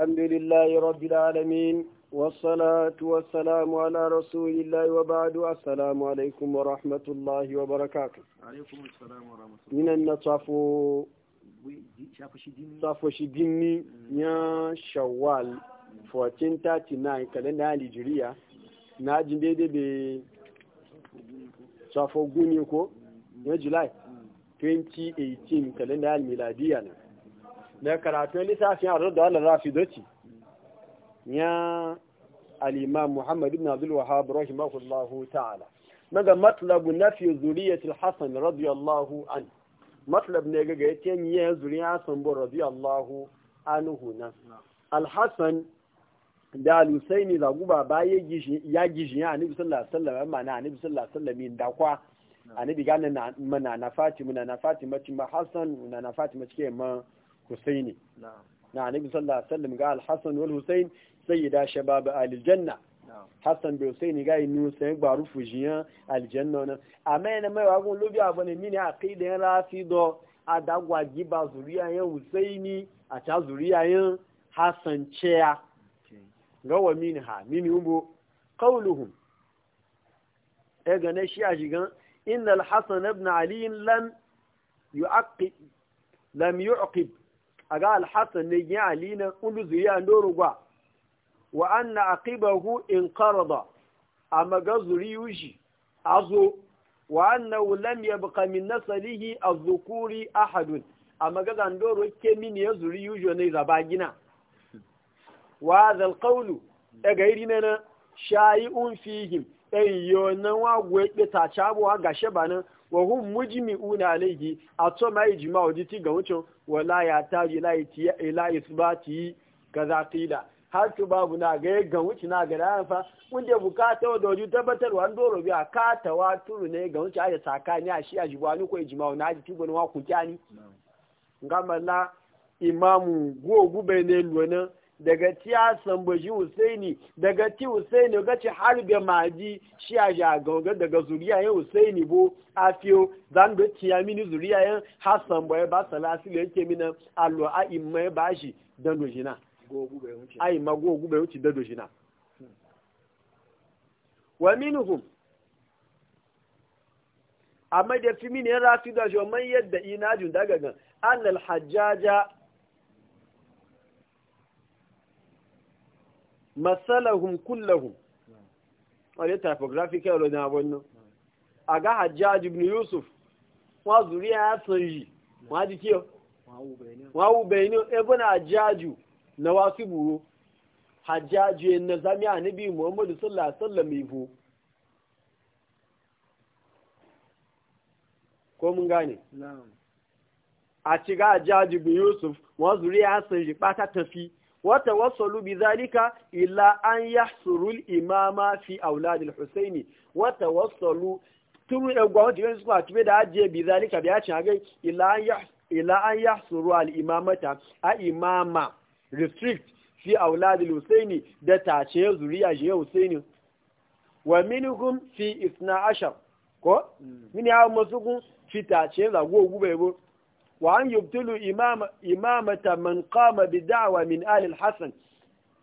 الحمد لله رب العالمين والصلاة والسلام على رسول الله وبعد السلام عليكم ورحمة الله وبركاته عليكم السلام ورحمة الله من النطاف صفو شديني يا شوال 1439 kalenda ya Nigeria na jin daidai bai safo guni ko ya July 2018 kalenda ya miladiya na da karatun lissafin arzu da wannan zafi doci ya al'imam muhammadu ibn abdul wahab rahimahullahu ta'ala daga matlabu na fi zuriyatul hassan radiyallahu an matlab ne ga ya ce ya zuriya hassan bu radiyallahu anhu na alhassan da alusaini zaguba ba ya gishi ya anibi sallallahu alaihi mana anibi sallallahu alaihi dakwa anibi gane na fatima na fatima cikin ma hassan na na fatima cikin ma الحسيني نعم نعم ابن صلى الله عليه وسلم قال الحسن والحسين سيدا شباب آل الجنة نعم حسن بحسيني قال إنه سيبقى رفجيا الجنة أما أنا ما أقول لبي أبنى مني عقيدة رافضة أدعو واجب زوريا يا حسيني أتا زوريا يا حسن شيا لو منها من هم قولهم إذا إن الحسن ابن علي لم يعقب لم يعقب a ga alhassan ne ya ali na ulu zuriya ndoru gwa wa anna aqibahu in qarada amma ga zuriyushi azo wa annahu lam yabqa min naslihi az-zukuri ahadun amma ga ndoro ke min ya zuriyujo ne zabagina wa hadha al-qawlu daga e irina na shayi'un fihim ɗan e yiwu wa gwe e ta cabo ga shaba nan wa hum mujmi'una alayhi a to ma ijma wa jiti ga wucin wala ya taji ila ila isbati kaza qila har to babu na ga ga wuci na ga ran fa kun da bukata da wuju tabbatarwa an bi biya ka tawaturu ne ga wuci aje sakani a shi a jibani ko ijma na jiti gona wa ku kyani ngamala imamu gogu bai ne luwanin daga ci a sambaji husaini daga ti husaini ga ci harbe maji shi a jagauga daga zuriya yin husaini bo a fiyo zan da ciya mini zuriya yin hassan bai ba salasi da yake mina allo a imma ba shi dan dojina a imma gogu bai wuce dan dojina wa minhum amma da fi mini yan rafi da shi joman yadda ina jun daga gan annal hajjaja masalahum kullahum wani typographic yau na a ga hajjaj ibn yusuf wa zuriya ya san yi wa ji kiyo wa wu bayani ibn hajjaju na wasu buru hajjaju na zami annabi muhammadu sallallahu alaihi wasallam ibo ko mun gane a ci ga hajjaj ibn yusuf wa zuriya ya san ba ta tafi wata wasalu bi zalika ila an ya surul imama fi aulad al-husayn wata wasalu turu egwa wanda yanzu kuma tube da ajiye bi zalika bi yacin hagai ila an ila suru al-imamata a imama restrict fi auladil husaini da da tace zuriya je husaini wa minhum fi 12 ko hmm. min ya gun fi tace zago gube bo وأن يبتلوا إمامة, إمامة من قام بدعوة من آل الحسن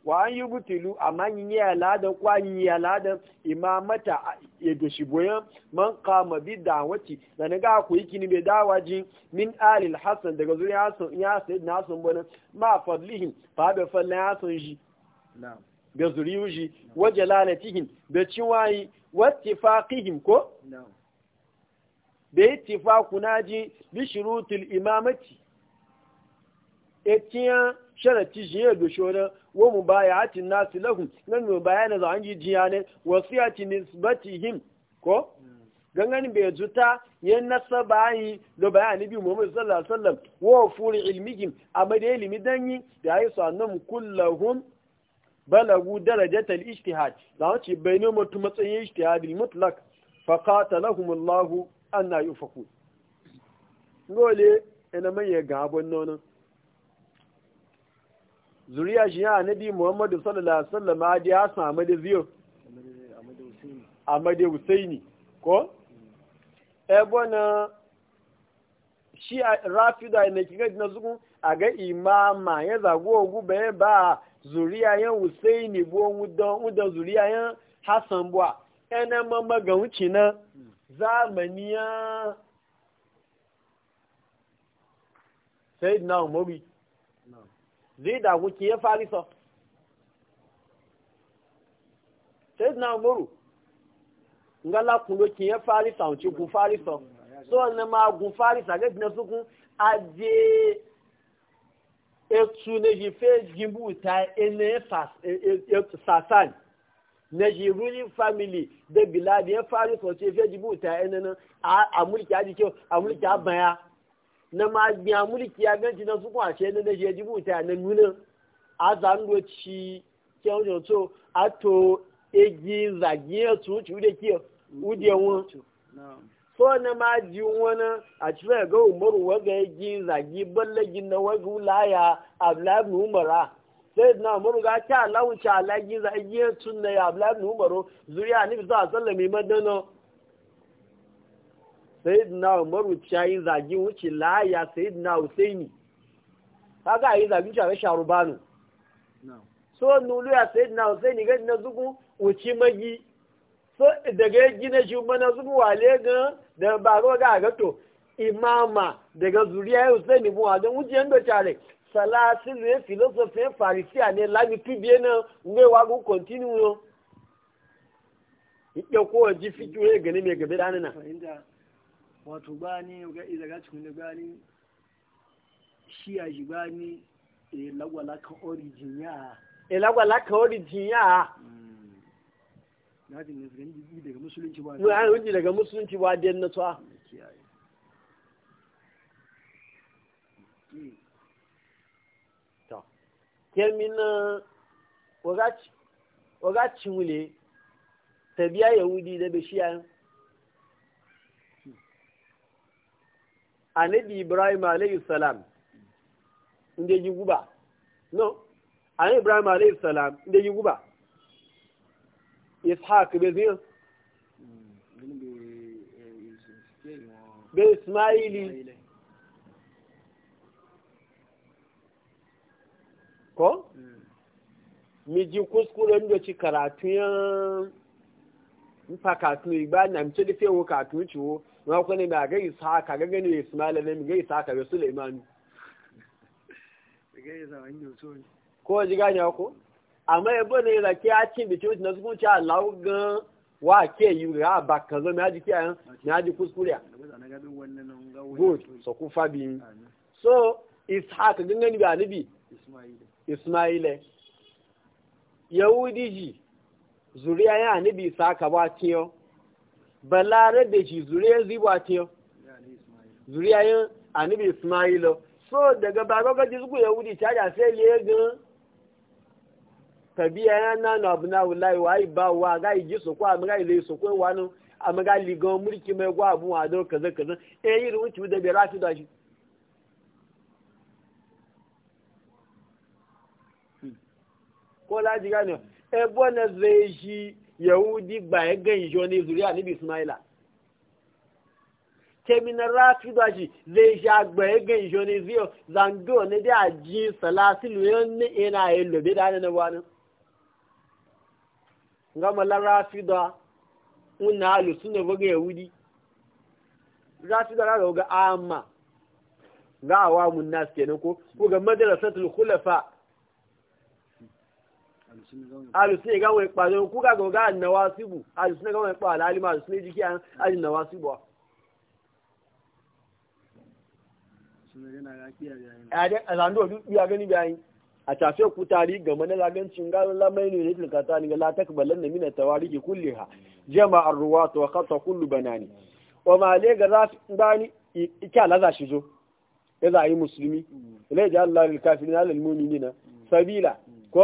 وأن يبتلوا أمان يالادا وأن يالادا إمامة يدوشبويا من قام بدعوة لأنه قاكو كني بدعوة من آل الحسن دقا عاصم ياسن ياسن ناسن بنا ما فضلهم فهذا فضل عاصم جي نعم بزريوجي وجلالتهم بچواي واتفاقهم كو نعم da ittifaku naji bi shurutul imamati etiya sharati jiye da shoda wa mubayatin nasu lahu nan mu bayana za an ji jiya ne wasiyati nisbatihim ko ganganin bai zuta ya nasa yi da bayani bi Muhammad sallallahu alaihi wasallam wa furi ilmihim amma da ilimi danyi da ayi sanum kullahum balagu darajat al-ijtihad da wace bainu mutum matsayin ijtihad al-mutlaq fa Allah an na yi ufaku dole ina manya ga abun nono zuriya shi ya anabi muhammadu sallallahu alaihi wasallam adi ya san amade ziyo amade husaini ko ebo na shi rafida ne kiga na zugun a ga imama ya zago ogu bayan ba zuriya yan husaini bo wudan wudan zuriya yan hasan bua ena mama ga wuci na zamaniya sai na umaru zai da kuke fari farisa sai na umaru ngala kundo ke fari farisa wuce gun farisa so na ma gun sa, ga na sukun aje etu ne ji fe jimbu ta ene fas e, e, e, na shi ruling family da biladi ya faru sauce fe jibu ta yana a mulki a a a baya na ma biya mulki ya ganci na su kwashe na na shi jibu ta nuna a zangoci kyau da so a to egi zagiye su ci ude kiyo ude won so na ma ji wani a cikin ga umaru waga egi zagi ballagin na laya umara sai na muru ga ta lawun cha lagi za yi tun na ya bla nu baro zuriya ni za sallame madano sai na muru cha yi zagi wuce la ya sai na usaini kaga yi zagi cha sharubanu so nulu ya sai na usaini ga na zugu wuci magi so daga gina shi mana zugu wale ga da baro ga ga to imama daga zuriya husaini mu a don wuce yanda tare salasi lue philosophe farisia ne lami pibie na ngbe wagu continue yo ikpe ko ji fitu e gane me gabe dani na wato gbani ga izaga cikin da gbani shi a ji bani e ka origin ya e lagwala ka origin ya hmm. na ji ne daga musulunci ba ne daga musulunci ba den na tsawa kemina wagacin wule tabiya yahudi da bishiya anabi ibrahim alayhi salam inda ji guba no anabi ibrahim alayhi salam inda ji guba ishaq be zin hmm, eh, be ismaili ko mm. miji kuskuren da ci karatu yan fakatu igba na mce da fewo katu ciwo na kwane ba ga isa haka ga gani ismaila ne ga isa haka ga suleiman ko ji gani ko amma yabo ne da ke a cin bice na su ci Allah gan wa ke yi ga ba kan zo na ji kiyan na ji kuskure good so ku fabi so ishaq gangani ba nabi ismaila ismaila yahudi ji zuriya ya anibi isaka ba tiyo balarabe ji zuriya ziba tiyo zuriya yin anibi ismaila so daga bagogo ji zuku yahudi ta da sai liye gan tabiya ya nanu abu na wulayi wa ba wa ga iji so ko amma ga ile so ko wani amma ga ligan mulki mai gwa abu wa don kaza kaza eh yi rubuci da bai rafi da shi ko laji gane ebo eh, na zai shi yahudi ba ya gan jo ne zuriya ni bismaila kemina rafi da shi zai shi agba ya gan jo ziyo zango ne da aji salasilu yan ne yana yi lobe da hannun wani gama la rafi da unna alu suna buga yahudi rafi da rara ga amma za a wa mun kenan ko ko ga madrasatul alùsùn ìgáwọn ìpàdé òkú kàgọ̀ gá ànàwà síbù alùsùn ìgáwọn ìpà àlálìmọ̀ alùsùn ìjì kí ànàwà síbù àdàndó òkúta rí gàmọ́ ní lágẹ́ntì ń gáwọn lámẹ́rin ní ìtìlìkàtà ní látẹ́kùbẹ̀lẹ́ nìmí nà tàwárí kì kúlè ha jẹ́mà àrùwà tó kàtọ̀ kúlù banani ọmọ alẹ́ gàzá gbani ikẹ́ aláza ṣizo ẹ̀zà ayé musulmi ilẹ̀ ìjà alárìlkafin alẹ́lmọ́mí nínà sabila ko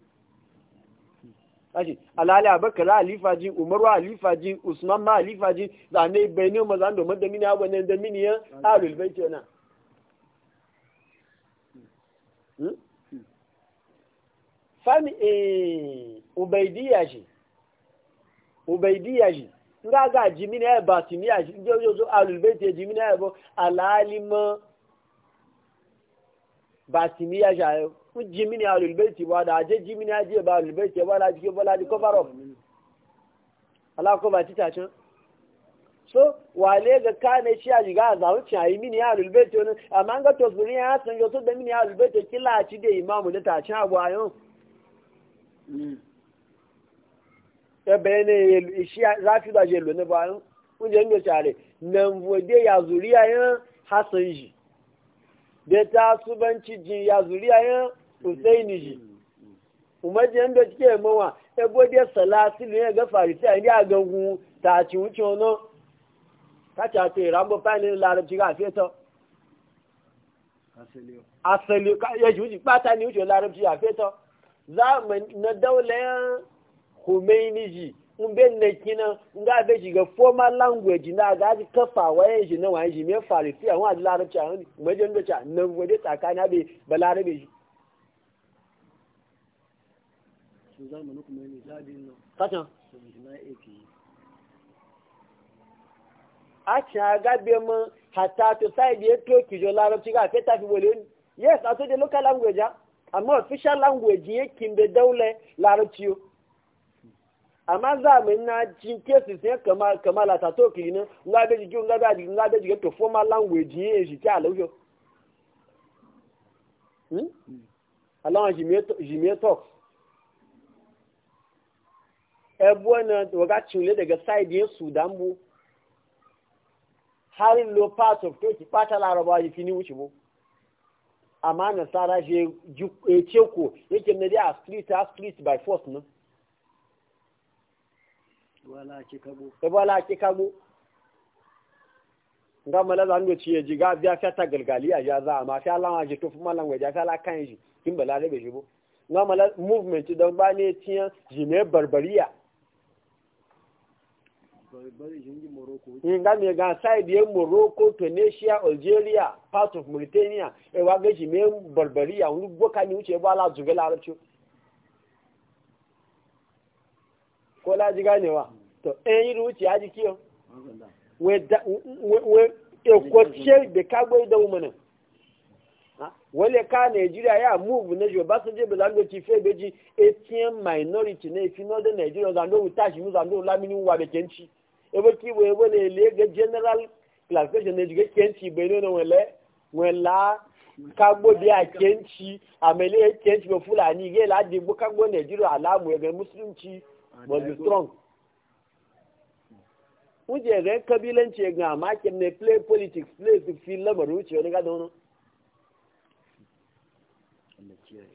aji alali abakar alifa ji umaru alifa ji usman ma alifa ji da ne bai ne ma zan domin da mini abu ne da mini yan alul bai ce na hmm? fami eh ubaidiya shi ubaidiya shi nga ga jimina ya batiniya shi je yo zo alul bai te jimina ya bo alalima ba timiya jayo kun jimini a lulbaiti ba da aje jimini aje ba lulbaiti ba la jike ba la jike ba rob ala ko ba tita can so wale ga kane shi a jiga a zaun ci a yi mini a lulbaiti wani amma ga tosbiri ya san yoto da mini a lulbaiti kila ci da imamu da ta can abu a yau ebe ne shi zafi da je lone ba yau kun je ndo tare nan vode ya zuriya yan hasan ji da tasubanci ji ya zuriya ya ni ji umajen da cike mawa ebo de salasi ne ga farisi an ya gangu ta ci wuce ono ka ta te rambo pani larabci ga feto asali asali ka ya juji pata ni wuce larabci ga feto zaman na daular Khomeini ji n bɛ na kina bɛ shiga formal language na ga ji kafa waye shi na waye shi me farisi a wani larabci a wani majen da ca na waje tsakani abe balarabe shi kacan a ci a gabe mu hata to sai da ya toki ga feta fi wole yes ato to local language amma official language amma zamanin na jin kesi sai kama kama la tato na nga be jigi nga be jigi nga jigi to formal language yin ji ta lawo hmm e na daga side yin sudan lo part of turkey pata laraba yi fini wuce bu amma sara je e ko yake na dai a street a street by force nan wala ki kabo nga mala zan do ciye ji ga biya fata galgaliya ya za ma sai Allah ma ji to kuma lan waje sai Allah kan shi kin bala da shi bo nga mala movement da ba ne tiyan jime barbariya nga me ga side ye Morocco Tunisia Algeria part of Mauritania e wa ga jime barbariya un gboka ni uche ba la zugela arabcho ko laji ganewa to ɗan eh, yi ruci ya ji kiyo ekwace da kagwai eh, da umarnin wale ka nigeria ya move na jo basu je bezando ti fe beji atm minority na ifi northern nigeria zando utashi mu zando lamini wa be kenchi ebo ki bo ebo le le ga general classification na jiga kenchi be no wele wela kagbo bi a kenchi amele kenchi be fulani ge la di bo kagbo nigeria alamu ege muslimci must be strong wuje ga kabilanci ga makin ne play politics play to feel lamar wuce wani gada wani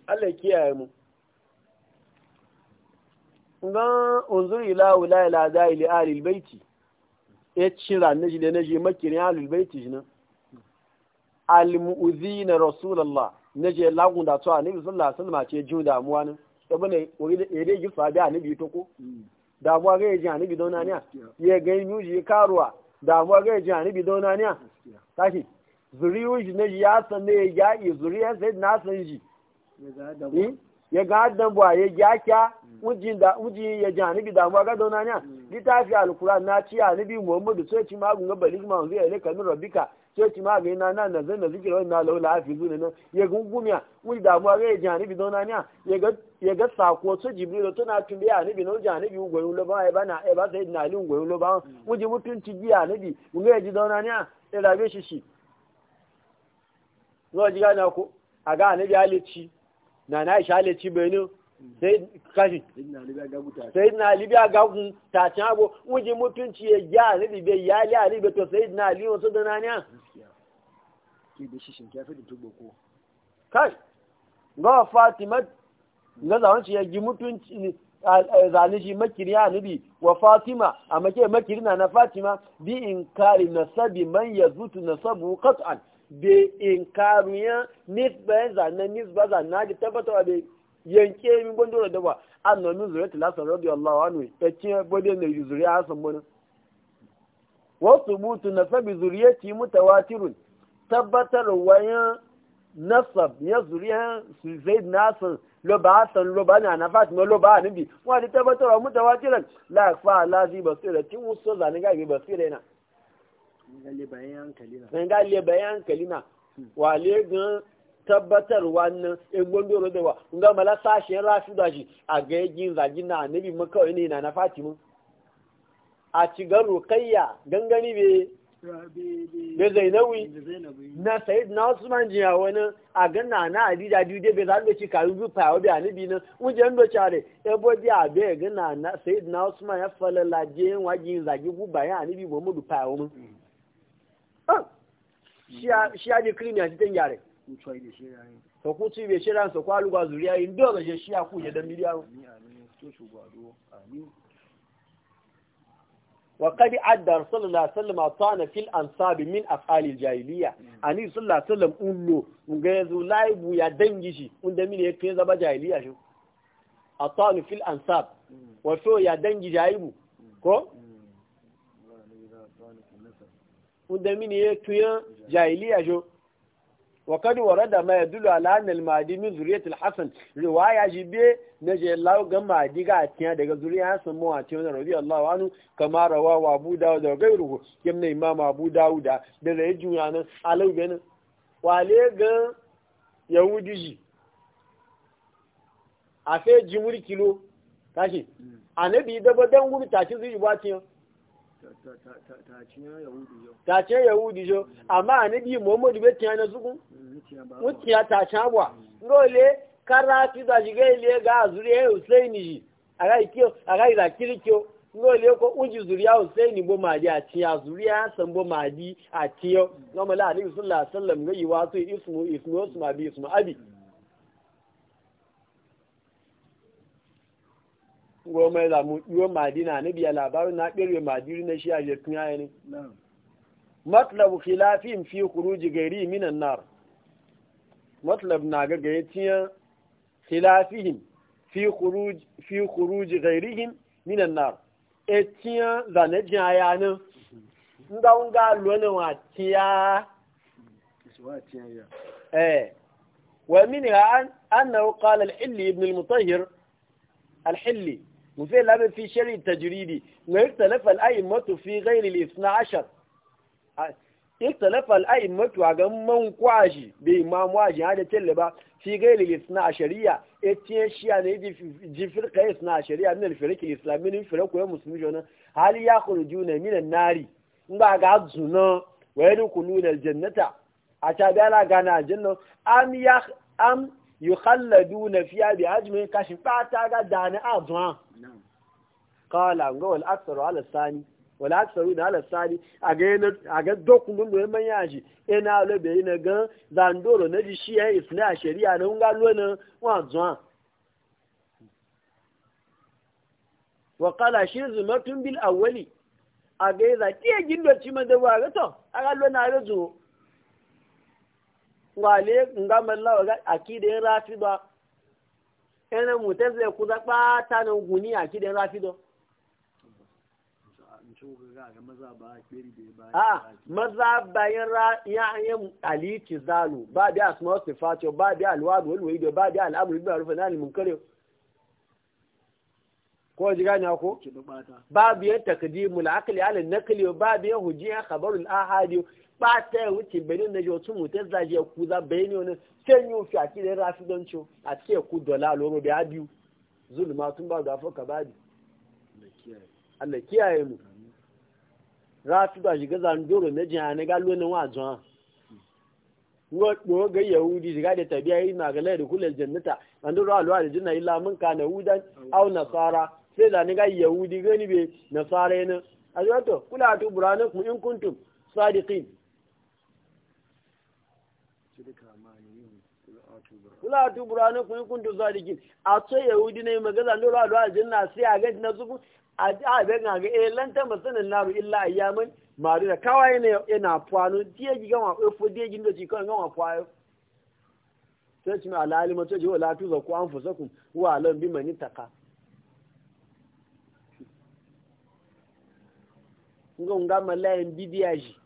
Allah kiyaye mu Nga unzuri ila wula ila zaili alil baiti ya e cira na jide na je makin ya baiti shi nan al mu'zina rasulullah na je lagun da to ne, sallallahu sun mace ce ju damuwa nan saboda ya dai gifa da anabi to mm. damuwa ga yaji anabi dauna ne ya ga yuji karuwa damuwa ga yaji anabi dauna ne tashi zuriyun shi ne ya san ne ya yi zuriyar sai na san shi ya ga haddan buwa hmm? ya gyakya mm. uji ya ji hanibi damuwa ga dauna ne mm. littafi alkuran na ci hanibi muhammadu sai ci magun ga balizma wanzu ya ile kamin rabika sai ci magun na na na zai na zikirar na laula hafi zuwa nan ya gungumiya uji damuwa ga ya ji hanibi dauna ya ga ya ga sako su jibrilu tuna tumbi anabi na wuce anabi ugwe ulo ba ya bana ya na ali ugwe ulo ba wuje mutunci ji anabi mun ya ji zauna ya rabe shi shi no ji gane ku a ga anabi alici na na isha alici benin sai kashi sai na ali bi ta ci abu wuje mutunci ya ji anabi bai ya ali ali to sai na wasu da shi da tubo na zaune shi ya gi mutunci zane shi makiri ya nubi wa fatima a make makiri na na fatima bi in kari nasabi man ya zutu nasabu kat'an bi in ya nisba zane nisba zane na ji tabbatarwa da yanke min gwandora da dawa an nomi zuriya tilasa radiyallahu anhu ya ce bode zuri a san bane wasu mutu nasabi ya ci mutawatirun tabbatar wayan nasab ya zuriya su zai nasan loba hasan loba na na fatima loba a nabi wa da tabbatar wa mutawa kiran la fa la zi basira kin wuso zani ga bi basira yana ngalle bayan hankali na ngalle bayan hankali na wa le gan tabbatar wannan in da wa nga mala sashen rasu da shi a ga yin zagi na nabi maka ne na na fatima a ci garo kayya bai zainawi na sayid na usman jiya wani a ganna na adida dude bai zaɓe ci karu bi fa yau da bi nan wujen do e bo di abe ya ganna na sayid na usman ya fala laje yin waji yin zagi guba ya anibi muhammadu fa hmm. ah! yau mun shi ya je kirimi a cikin yare sokuci bai shirin sokwa lugwa zuriya yin dole shi ya kuje don miliyan وقد عد رسول الله صلى الله عليه وسلم في الانصاب من افعال الجاهليه اني صلى الله عليه وسلم اولو غيزو لايبو يا دنجيشي وند مين يكي زبا جاهليه شو اطال في الانصاب وفو يا دنجي جايبو كو وند مين يكي جاهليه شو وقد ورد ما يدل على أن المهدي من ذرية الحسن رواية جبية نجي الله كما ديغا أتيا ديغا ذرية حسن مو أتيا رضي الله عنه كما رواه أبو داود وغيره يمنى إمام أبو داود دل يجو عن علو بين وعليه غن يهودي جي أفي جمهوري كيلو تاشي أنا بيدا بدن غوري تاشي زي باتيا tace yahudi jo amma anabi muhammadu bai tiyana zugun mutiya tace abwa ngole karatu da jige le ga zuriya husaini ji agai kiyo agai da kirkiyo ngole ko uji zuriya husaini bo maji a tiya zuriya san bo maji a tiyo ngomala ali sallallahu alaihi wasallam ga yi wasu ismu ismu usma bi ismu abi Roma da mu yo Madina ne biya labarin na kirwe Madina na shi a jirkin yayi ne matlab khilafin fi khuruj gairi minan nar matlab na ga ga yaciya khilafihim fi khuruj fi khuruj gairihim minan nar etiya da ne jaya ne nda nga lona wa tiya eh ومنها أنه قال الحلي ابن المطهر الحلي وفي لابد في شرع التجريدي ويختلف الأئمة في غير الاثنى عشر اختلف الأئمة وعن من قواجي بإمام واجي هذا تلبا في غير الاثنى عشرية اتين شيئا نيدي جي فرقة اثنى عشرية من الفرق الإسلامي من فرق ومسلمين جونا هل يخرجون من النار نبا قاعد زنا ويدخلون الجنة عشان بيانا قانا الجنة أم يخ أم yukhalladuna fiya bi hajmin kashin fata ga dani azwa qala ga wal aktharu ala sani wal aktharu da ala sani A ga dokun dun man yaji ina lo be ina ga zandoro na ji shi ya isna sharia na nga lo na wa azwa wa qala awali. bil awwali yi za tiye gindo ci man da wa ga to aga lo na rezo ngale ngama lawa ga akide yin rafido ene ku kuza pata na guni akide yin rafido a ah, maza bayan ra ya ra'ayin aliki zalu ba bi asma sifatiyo ba bi alwadu wal waido ba bi al al'amru bi arfa na munkari ko ji gane ko ba bi takdimul aqli ala nakli ba bi hujiya khabarul ahadi bata ya wuce bẹ̀rẹ̀ ní ọjọ́ tún mú zaji ku za bayani wani sai tí wufi a kira rafi don ciwo a cike ku dola loro da biyu zulma tun ba da afirka ba bi Allah kiyaye mu rafi ba shiga zandoro na jiha na galo na wajen ngo ga yahudi shiga da tabiya yi magana da kulal jannata zandoro alwa da jinna illa mun sai da ni yahudi in kuntun sadiqin kula tu burana kun kun do zaliki a ce yahudi ne magaza ndo ra do aljanna sai a ga na zuku a a ga ga ga eh lan ta masanan naru illa ayyaman mari da kawai ne yana fano tie gi ga wa eh, fo die gi ndo ji kan ga wa fayo sai ci ma alima to ji wala tu zaku anfusakum wa lan bi mani taka ngonga malayen bidiyaji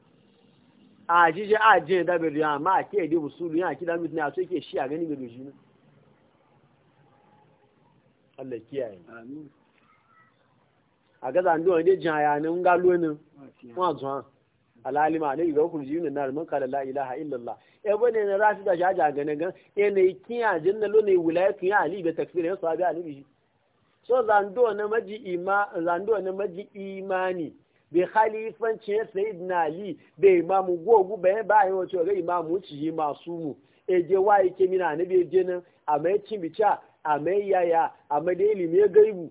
a jije a je da be riya ma ke di usulu a kida mit ne a so ke shi a gani be doji ne Allah kiyaye amin a ga zan duwa ne jaya ne ga lo ne zuwa alalima ne ga ku ji na man kala la ilaha illallah e eh, bane ne rafi da jaja gane gan e eh, ne kiya jinna lo ne wilayatu ya ali be takfir ya sahabi ali so zando na zando na maji imani bai khalifan ya sayi na ali bai imamu gogu bayan bayan wace ga imamu ci yi masu mu eje wa yake mina na bai je nan a mai cin yaya a mai da ilimi ya gaibu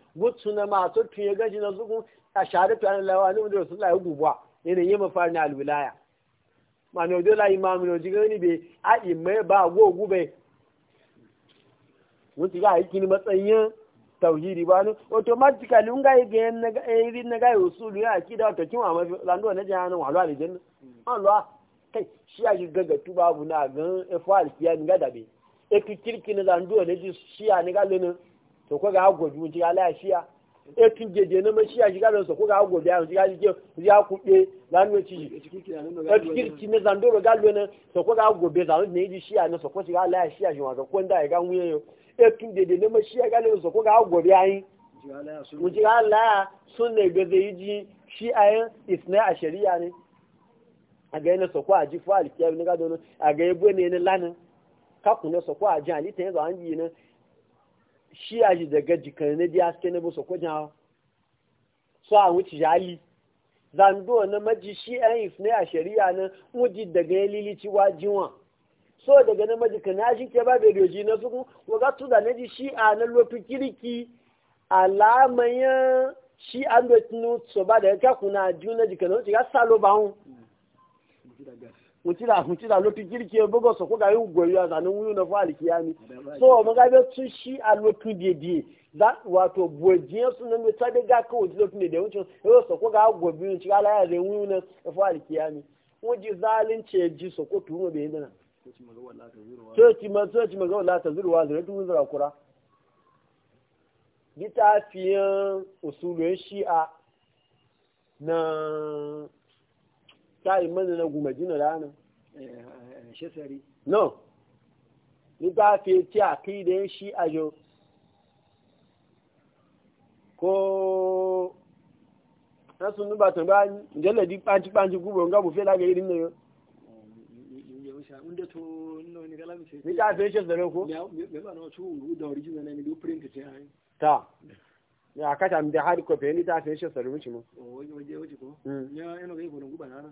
gutsu na masu tuye gaji na zugun a share tuwa lawa ne wanda su lai gubuwa ne ne yi mafari na alwilaya ma ne odola imamu ne ojiga ni be a imai ba go gube wuti ga aiki ni matsayin tauhidi ba ni automatically nga yi gayen na irin na gayi eh, usulu ya aki da wata wa mafi landuwa na jihanin walu alijanna an lwa kai shi a shiga ga tuba abu na gan eh, fa alfiya ni ga dabe etu kirki na landuwa na ji shi ya ni ga lenin so ko ga agwo ju jiga la shiya e tun jeje na ma shiya jiga lo so ko ga agwo biya jiga jiga ya ku pe la ci e cikin ci ne zando ro ga lo na ko ga agwo be za ne ji shiya na so ko jiga la shiya ji wa ko nda ga nwuye yo e tun jeje na ma shiya ga lo so ko ga agwo biya yin jiga la sun ne ga zai ji shi ayan isna a shari'a ne a ga yana soko a ji fuwa alkiyar ni gado a ga yabo ne na lanin kakun na soko a ji halitta yanzu an yi na shi a ji daga jikan na biya suke na busa ko jawo so a wuce jali zando na maji shi yan if ne a shari'a na wuji daga ya lilici wa jiwa so daga na maji ka na shi ke ba bedoji na suku waga tu da na ji shi a na lofi kiriki alamayan shi an do tinu so ba da daga kakuna juna jikan na wuce ya salo ba hun mm. mutila mutila lotu kirki bugo so ko ga yu goyi ya zanin wuyu na fali kiyami so mun ga tun shi a lotu dedie za wato bojiye sun nan ta de ga ko lotu ne da wucin yo so ko ga gobi yin cika la ya de wuyu na fali kiyami wuji zalince ji ji so ko tuwo be yin nan so ti ma so ti ma ga wala ta zuruwa zura tun zura kura bitafiyan usulun shi'a na kai mana na guma jina rana shesari no ni ta fi ti da shi jo. ko nasu nuba ta ba jalla di panci panci gubo ga bu fe ga irin na yo ni ta fi shesari ko ta ya kata mbe hadi ko ni ta fi shesari mu ci o waje waje ko ya ga ibo na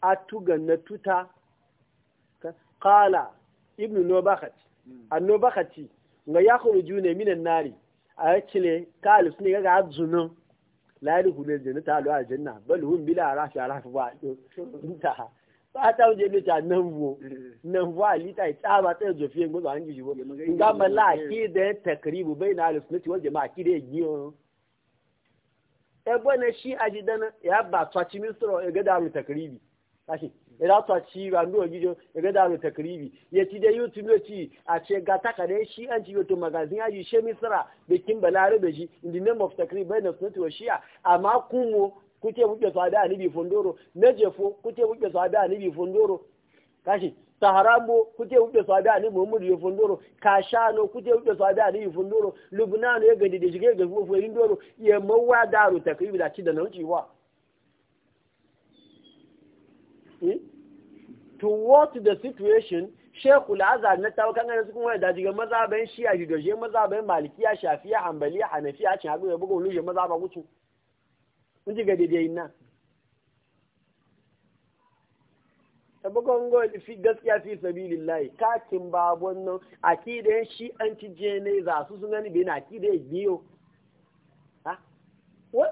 atuga na tuta kala ibnu a nobakati hmm. nga ya kuru ne minan nari a yacile kalif ne ga azunan lari hudu da na talo a janna bal hun bila rafi rafi ba hmm. ta ba ta wuje ne ta nan wo nan wo alita ya tsaba ta jofiye ngo an ji bo ga mala ki da takribu na al-sunnati wal jama'a ki da giyo ya bona shi dana ya ba tsaci min ya e ga da mu takribi kashi idan ta ci ba ndo gijo ga da takribi ya ci da youtube ci a ce ga takare shi an ci youtube magazin aji she misra bikin balarabe shi in the name of takribi na sunnati wa shi'a amma kumo kuke buke so da anibi fondoro najefo kuke buke so da anibi fondoro kashi taharambo kuke buke so da anibi muhammadu ya fondoro kashano kuke buke so da anibi fondoro lubnano ya gande da shige ga fofo rindoro ya mawa daru takribi da ci da nauci wa Hmm? to what the situation sheku azhar na tawo kan ganin kuma da daga mazhaban shi'a shi doje mazhaban malikiya shafi'a hanbaliya hanafiya cin hagu ya buga uluje mazhaba gutu kun ji ga daidai nan ta bugon go fi gaskiya fi sabilillahi kakin ba wannan akidan shi an ci jene za su sun gani bai na akidan biyo ha ko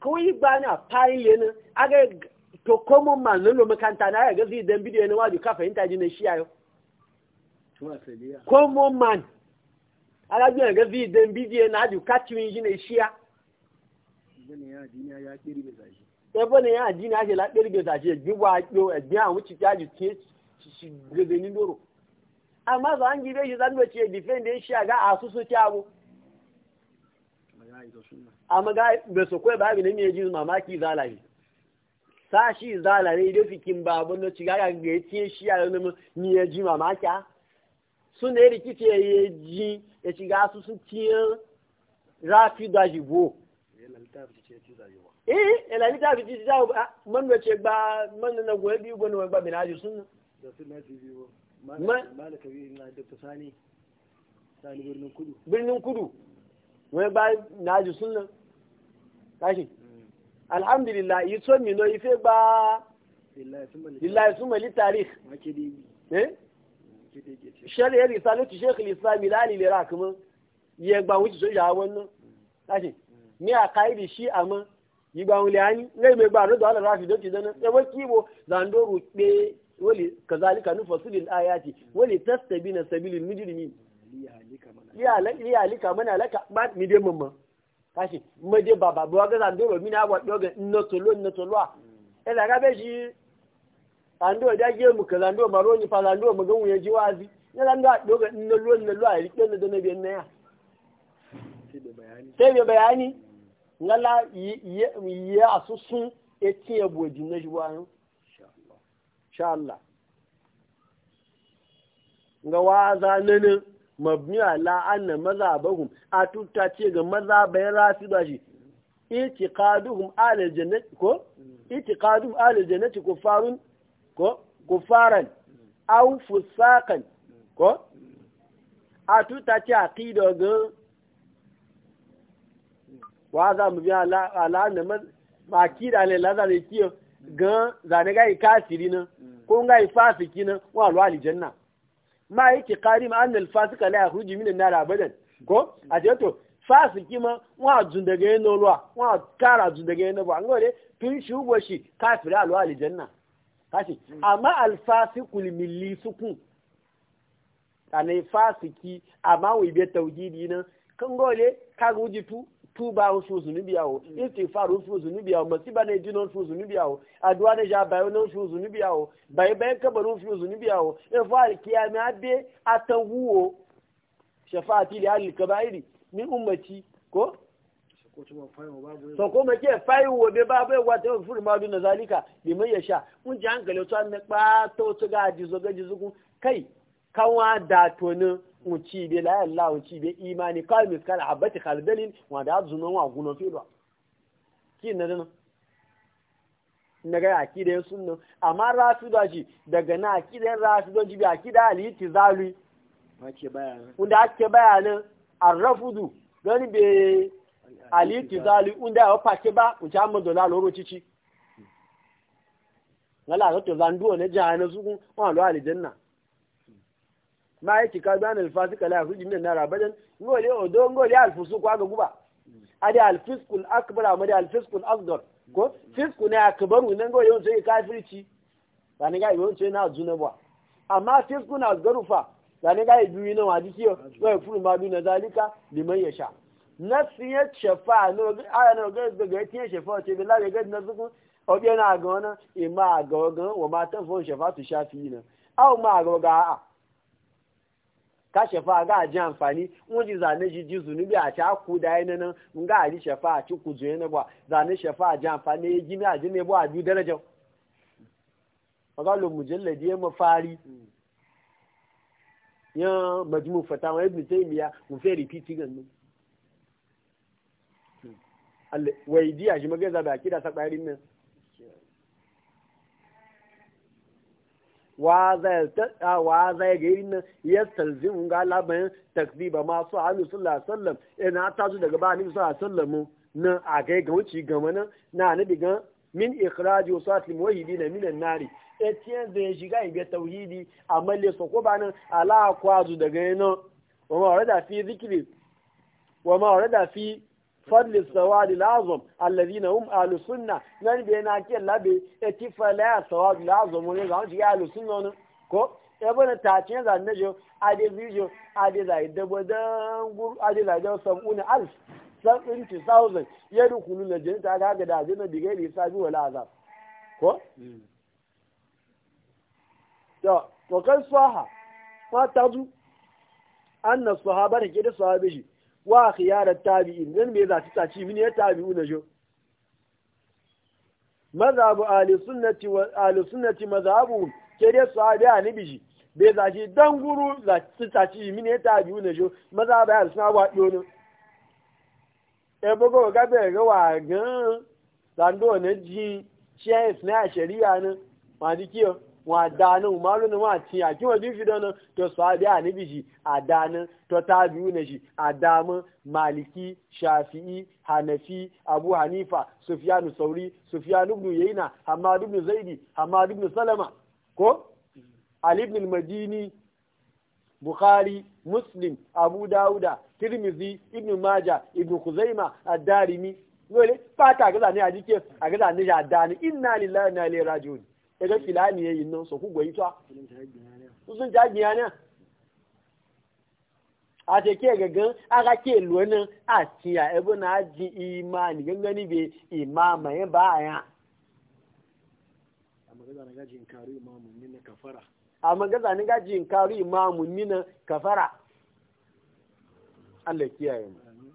kawai ba fayin lenin aga to common man lullu makanta na yaga zai dan bidiyo na waju ka fahimta ji na shiya yau common man alaji yaga zai dan bidiyo na waju ka ciwin ji na shiya ebe ne ya adini ake laɗin ga zashe gbigba akyo ẹgbẹ́ àwọn ciki aju tiye shi gẹ̀gẹ̀ ní lóró amma za an gire shi zanuwa ce defend ya shiya ga asusu kyawo amma ga bai so kawai babu ne mai ji mamaki zalaye sashi a ne ido fikin babu no cigara ga ga tiye shi a nan ni ya ji mamaki su ne rikice ya ji ya shiga su su tiye rafi da jibo eh ela ni ta fi ti da man no ce ba man na goye biyu gono ba bina ji sun da sun na ji bo malaka bi na da tsani tsani birnin kudu birnin kudu wani ba na aji sun nan kashi alhamdulillah yi tó mi lọ ife gba ìlà ìsúnmọ̀lì tarikh ṣẹlẹ̀ ẹ̀rì ìsá ló ti ṣe kìlì ra mi láàrin ìlera àkùnmọ́ yẹ gba àwọn òṣìṣẹ́ ìyàwó náà láti ní àkáìdì sí àmọ́ ìgbà òun lè á ní lẹ́yìn gbẹgbà àdójọ àlọ́ tó ti dáná ẹwọ́ kí wo zandoro pé wọ́n lè kazalika ní fọ́sílì ayáti wọ́n lè tẹ́sítẹ̀ na sẹ́bílì nídìrí mi. yíyà àlíkà mọ́nà àlẹ́kà bá mi dé kashi mede baba bo ga zan doro mina wa doga no tolo no tolo mm. e la ga beji ando da je mu ka zando maro ni fa zando mu gan wuye jiwazi ne do doga no lo no lo ai ken da ne biyan ya sai be bayani ngala ye ye asusun e ti e bo di na jiwa yo insha Allah nga wa za nene. mabni ala anna mazhabahum a tutta ce ga mazhabai rafida shi itiqaduhum ala jannati ko itiqaduhum ala jannati kufarun ko kufaran aw fusaqan ko a tutta ce aqida ga wa za mu bi ala ala anna maz ma kida ne lazare kiyo ga zane ga kafiri na ko ga ifasikina na wa janna. ma yake kari ma annal fasika laya huji min na nar ko a ce to fasiki ma wa jun daga yin ruwa wa kara jun daga yin an gode tun shi ugbo shi kafira alwa aljanna kashi amma al-fasikul milli sukun kana fasiki amma wi be taujidi nan kan gole ka gujitu tuba ń fún zùnú bí àwò istighfar ń fún zùnú bí àwò masiba náà dín náà ń fún zùnú bí àwò àdúrà náà ṣe àbáyọ náà ń fún zùnú bí àwò báyìí báyìí kábàrú ń fún zùnú bí àwò ẹ̀fọ́ àlìkíyà mi á dé atanwúwo ko àti ilẹ̀ ko. sọ̀kọ́ mọ̀ kí ẹ̀ fáyì wo bí bá bẹ́ẹ̀ wá tẹ́ wọ́n fún ìmọ̀ na zalika lè mọ̀ yẹ̀ ṣá ń jẹ́ àǹkàlẹ̀ tó wuci be la Allah wuci be imani kal miskal habati khalbalin wa da zunan wa guno filwa ki na dana na ga akida sunna amma rasu da shi daga na akida rasu da shi bi akida aliti zalui wace bayanan unda ake bayanan arrafudu gani be aliti zalui unda ya fake ba wuce amma dola loro cici hmm. ngala ga to zanduwa na jahannam su kun wa lo alijanna ma yake ka zana alfasika la yakhruju min nar abadan ngole odo ngole alfusuku aga guba ade alfiskul akbar amade alfiskul asghar ko fisku ne akbaru ne ngole yon sai kafirci ba ne ga yon sai na juna ba amma fisku na asgaru fa ba ne ga biyu ne wa dikiyo wa yafuru ma duna zalika liman yasha ya shafa no aya no ga ga tiye shafa ce billahi ga nazuku obi na ga wannan imma ga ga wa matan fon shafa tu shafi ne au ma ga ga a'a ka shafa ga ji amfani mun ji zane ji ji zunubi a ta ku da yana nan mun ga ali shafa a ci ku zuye na ba zane shafa ji amfani ya gini a ji ne ba a biyu daraja magalo mujalladi ya mafari ya majmu fatawa ibn taymiya mun fe repeat ganin wai diya shi magaza ba da sa bayarin nan wa zai ga yin ya talzimu ga labarin ba masu hannu sallallahu alaihi wasallam na ta zo daga ba nabi sallallahu alaihi wasallam na a kai ga wuce gama nan na nabi ga min ikhraji wa sati muwahidi na minan nari etiyan zai shiga ibe tauhidi a malle so ko banan ala kwazu daga yana wa ma da fi zikri wa ma da fi fadli sawadi lazum alladhina hum ahlus sunna nan be na ke labe e ti fala sawadi lazum ne ga ji ahlus sunna no ko e bana ta ce za ne jo ade video ade za ide bodan gur ade za da sabuna alf sabin du kunu na ta ga ga da na bi gairi sabi wala za ko hmm. to to kan saha ma tazu anna sahaba da ke da sahabi wa khiyarar tabi'in nan me za su tsaci mini ya tabi'u na jo mazhabu ahli sunnati wa ahli sunnati mazhabu ke dai sahabi annabi shi be za shi dan guru za su tsaci mini ya tabi'u na jo mazhabu ahli sunna wa dono e bogo ga be ga wa gan do ne ji shi ya sunna shari'a ne ma dikiyo wa dana umaru na wace a kiwa bin fido to sahabi a nabi shi a dana to biyu na shi a dama maliki shafi'i hanafi abu hanifa sufyanu sauri sufyanu ibn yaina hamad ibn zaidi hamad ibn salama ko ali ibn madini bukhari muslim abu dauda tirmizi ibn maja ibn kuzaima ad-darimi wole fata ga zane a jike a ga ya dani inna lillahi wa inna ilaihi raji'un ẹgbẹ́ fìlàní na yìí náà sọ̀kú gbẹ̀yìn tó a tuntun tí a jìyàn náà àtẹ̀kẹ́ gẹ̀gán arákẹ́ èlò náà àti ẹ̀bọ́ náà di ìmọ̀ nìgángan níbi ìmọ̀ àmọ̀ yẹn bá a magaza ni gaji karu nina kafara Allah kiyaye mu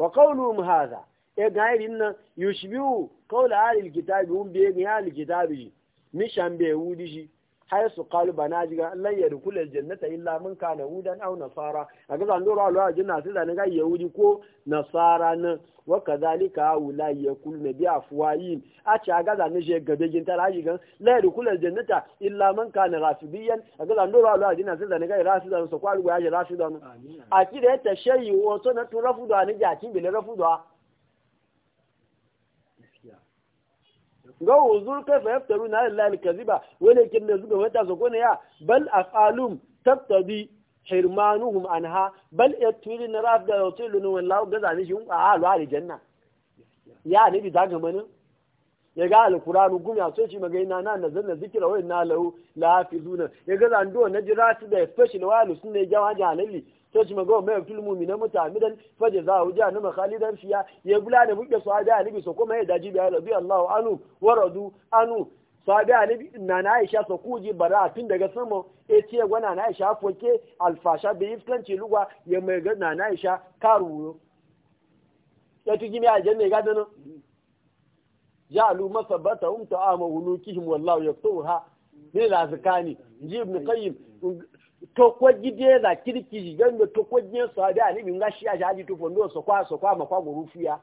wa qawluhum hadha e gairi nan yushbiu qawla ahli kitabi hum bi ni ahli kitabi nishan be wudi shi hay su qalu bana jiga ya yadkhul aljannata illa man kana hudan aw nasara aga zan dora alwa aljanna sai da ga yahudi ko nasara nan wa kadhalika ula yakul bi afwayin a ci aga zan je gabe jin tara jigan la yadkhul aljannata illa man kana rafidiyan aga zan dora alwa aljanna sai da ga rasidan su kwalu ya rasidan a ci da ta shayi wato na turafu da ni kin bi rafu da ga wuzur kai fa yaftaru na lillahi kaziba wani kin da zuga wata zo kone ya bal afalum tabtadi hirmanuhum anha bal yatwili na da yatilu nu wallahu gaza ne shi a halu al janna ya ne bi daga manin ya ga alkuranu gumi so shi magai na nazar na zikira wa inna lahu lafizuna ya ga zando na jira su da special wa alu sunne jawaji halalli to shi magawa mai yaktul mu'mina mutamidan fa jazahu jahannama khalidan fiha ya bula da buke sahabi annabi so kuma ya daji bi radiyallahu Anu! wa radu anhu sahabi annabi na na Aisha so kuji bara tun daga sama e ce gwana na Aisha foke alfasha bi ifkanci lugwa ya mai ga na na Aisha karuwo ya tuji mi aljanna ga dano ja'alu masabata um ta'ama hunukihim wallahu yaktuha ni lazikani ji ibn qayyim tokwajide za kirki jigan da tokwajin su hadi a nibin gashi a shahadi tufo ndo su kwa su kwa makwa guru fiya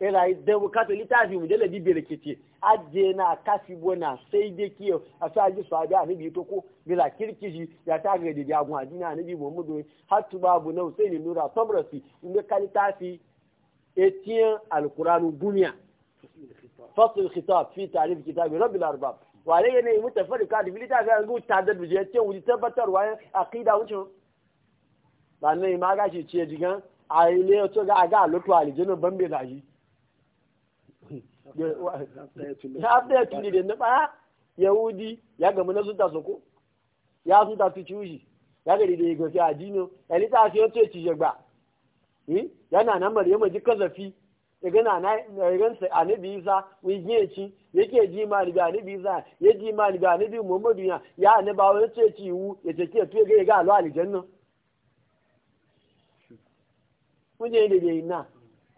ila da bukato litafi mu dala bibiyar kiti aje na kafi bona sai ki kiyo a sa ji su hadi a nibi toko bila kirki ji ya ta ga didi agun bi nibi muhammadu hatu babu na husaini nura samrasi inda kalitafi etiyan alkuranu duniya fasul khitab fi tarif kitabi rabbil arbab wale yanayi mutafarrika da bilita ga ngu ta da bije ce wuji tabbatarwa aqida wucin ba ne ma ga shi ce jigan a ile to ga aga lutu alijinu bambe da shi ya abda tuni da na ba yahudi ya gamu na zuta soko ya zuta tu ciuji ya ga da ga fi adino elita fi to e ci jegba eh hmm? yana nan maryama ji kazafi igana na igansa anabi isa wigiye ci yake ji ma ni ga anabi isa ya ji ma ni ga anabi muhammadu ya ya ne ba wani ce ci wu ya ce ke tuye ga ga alwali janna muje ne da na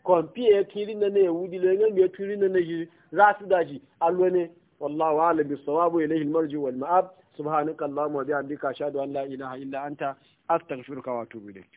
kompiye kiri na ne e wudi le ngan me kiri na ne ji rasu da ji alwa ne wallahu bi bisawabu ilayhi almarji wal ma'ab subhanaka allahumma wa bihamdika ashhadu an la ilaha illa anta astaghfiruka wa atubu ilayk